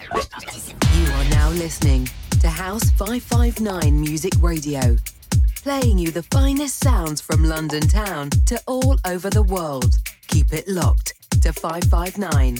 You are now listening to House 559 Music Radio, playing you the finest sounds from London town to all over the world. Keep it locked to 559.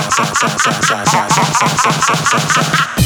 sa sa sa sa sa sa sa sa sa sa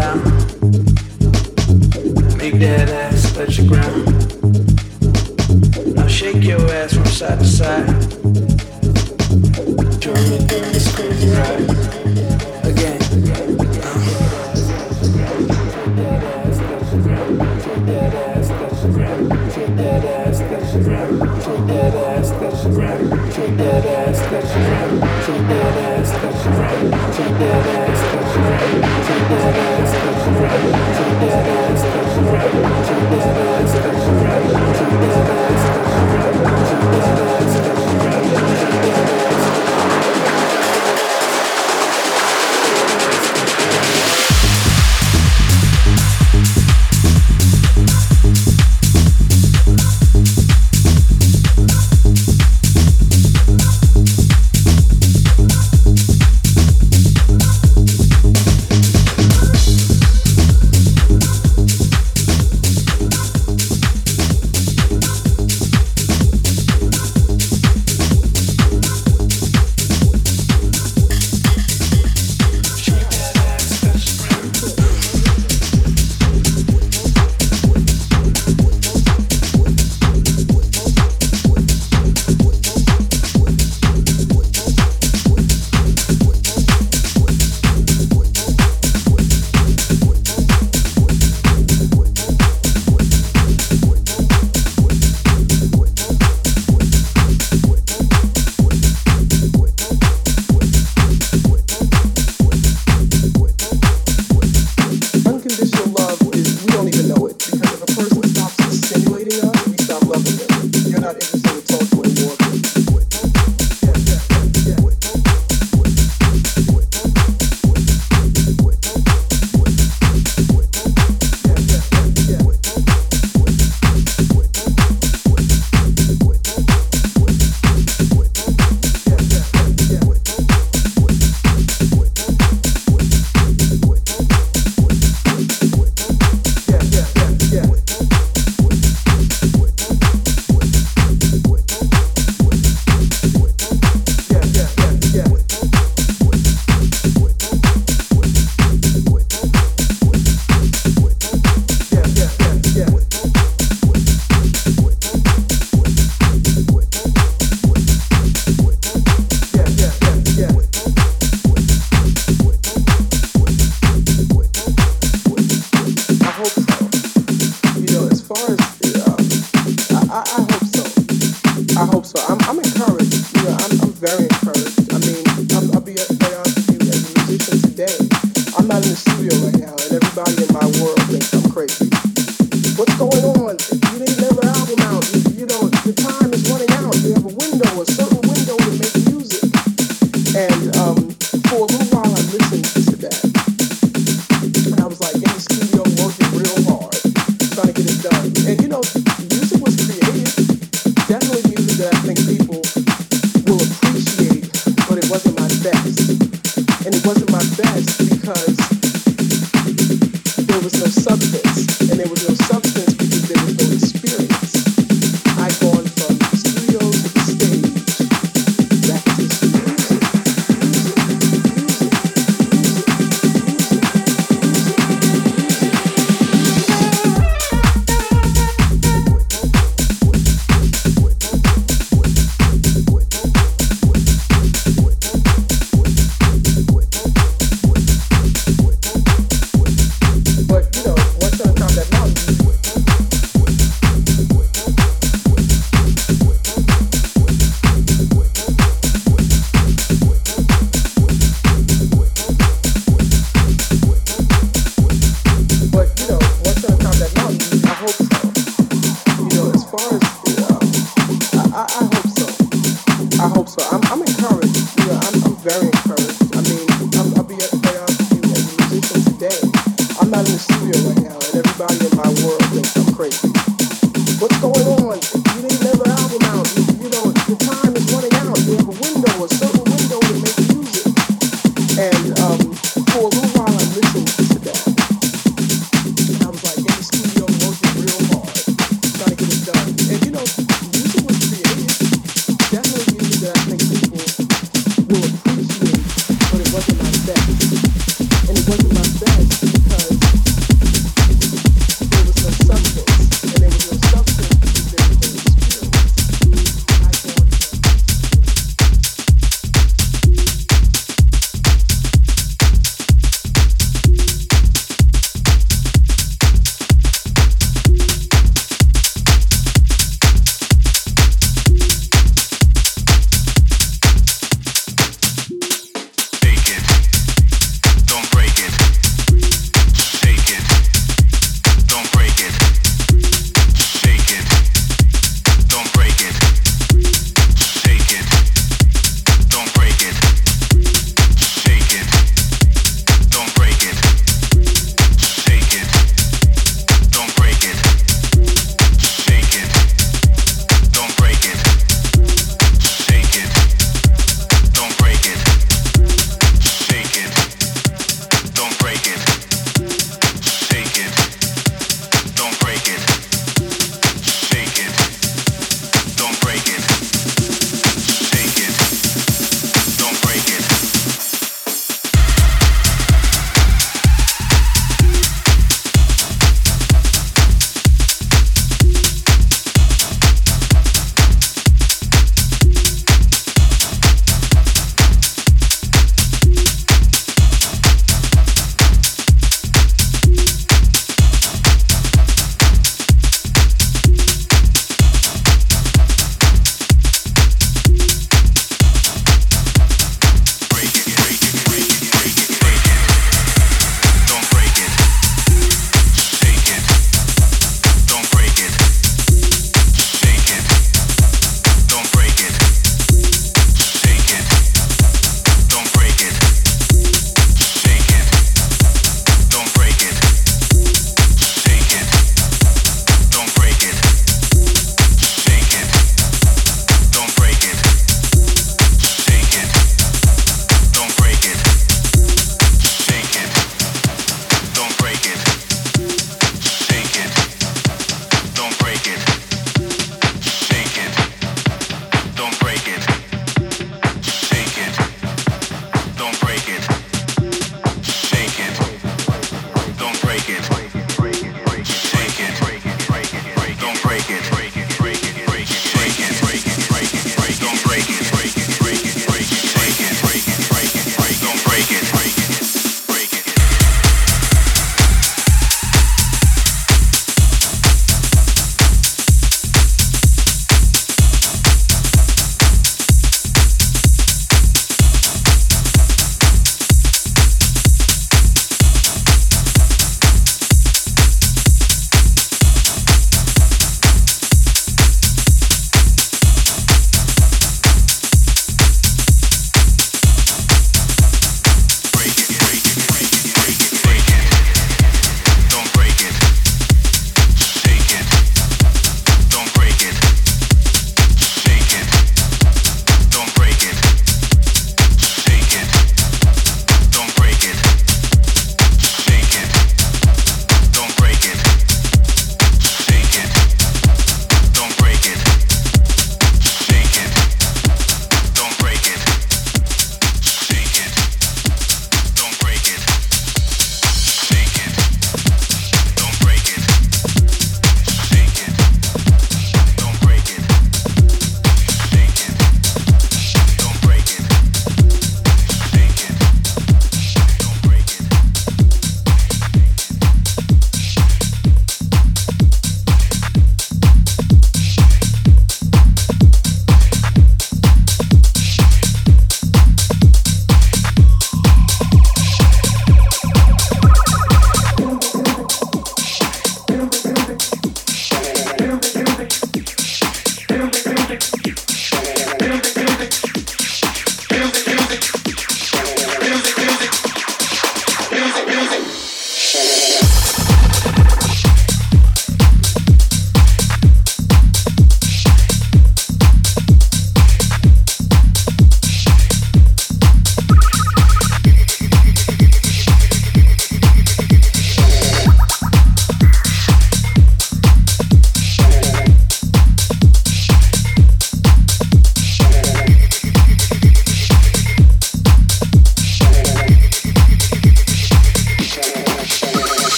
down.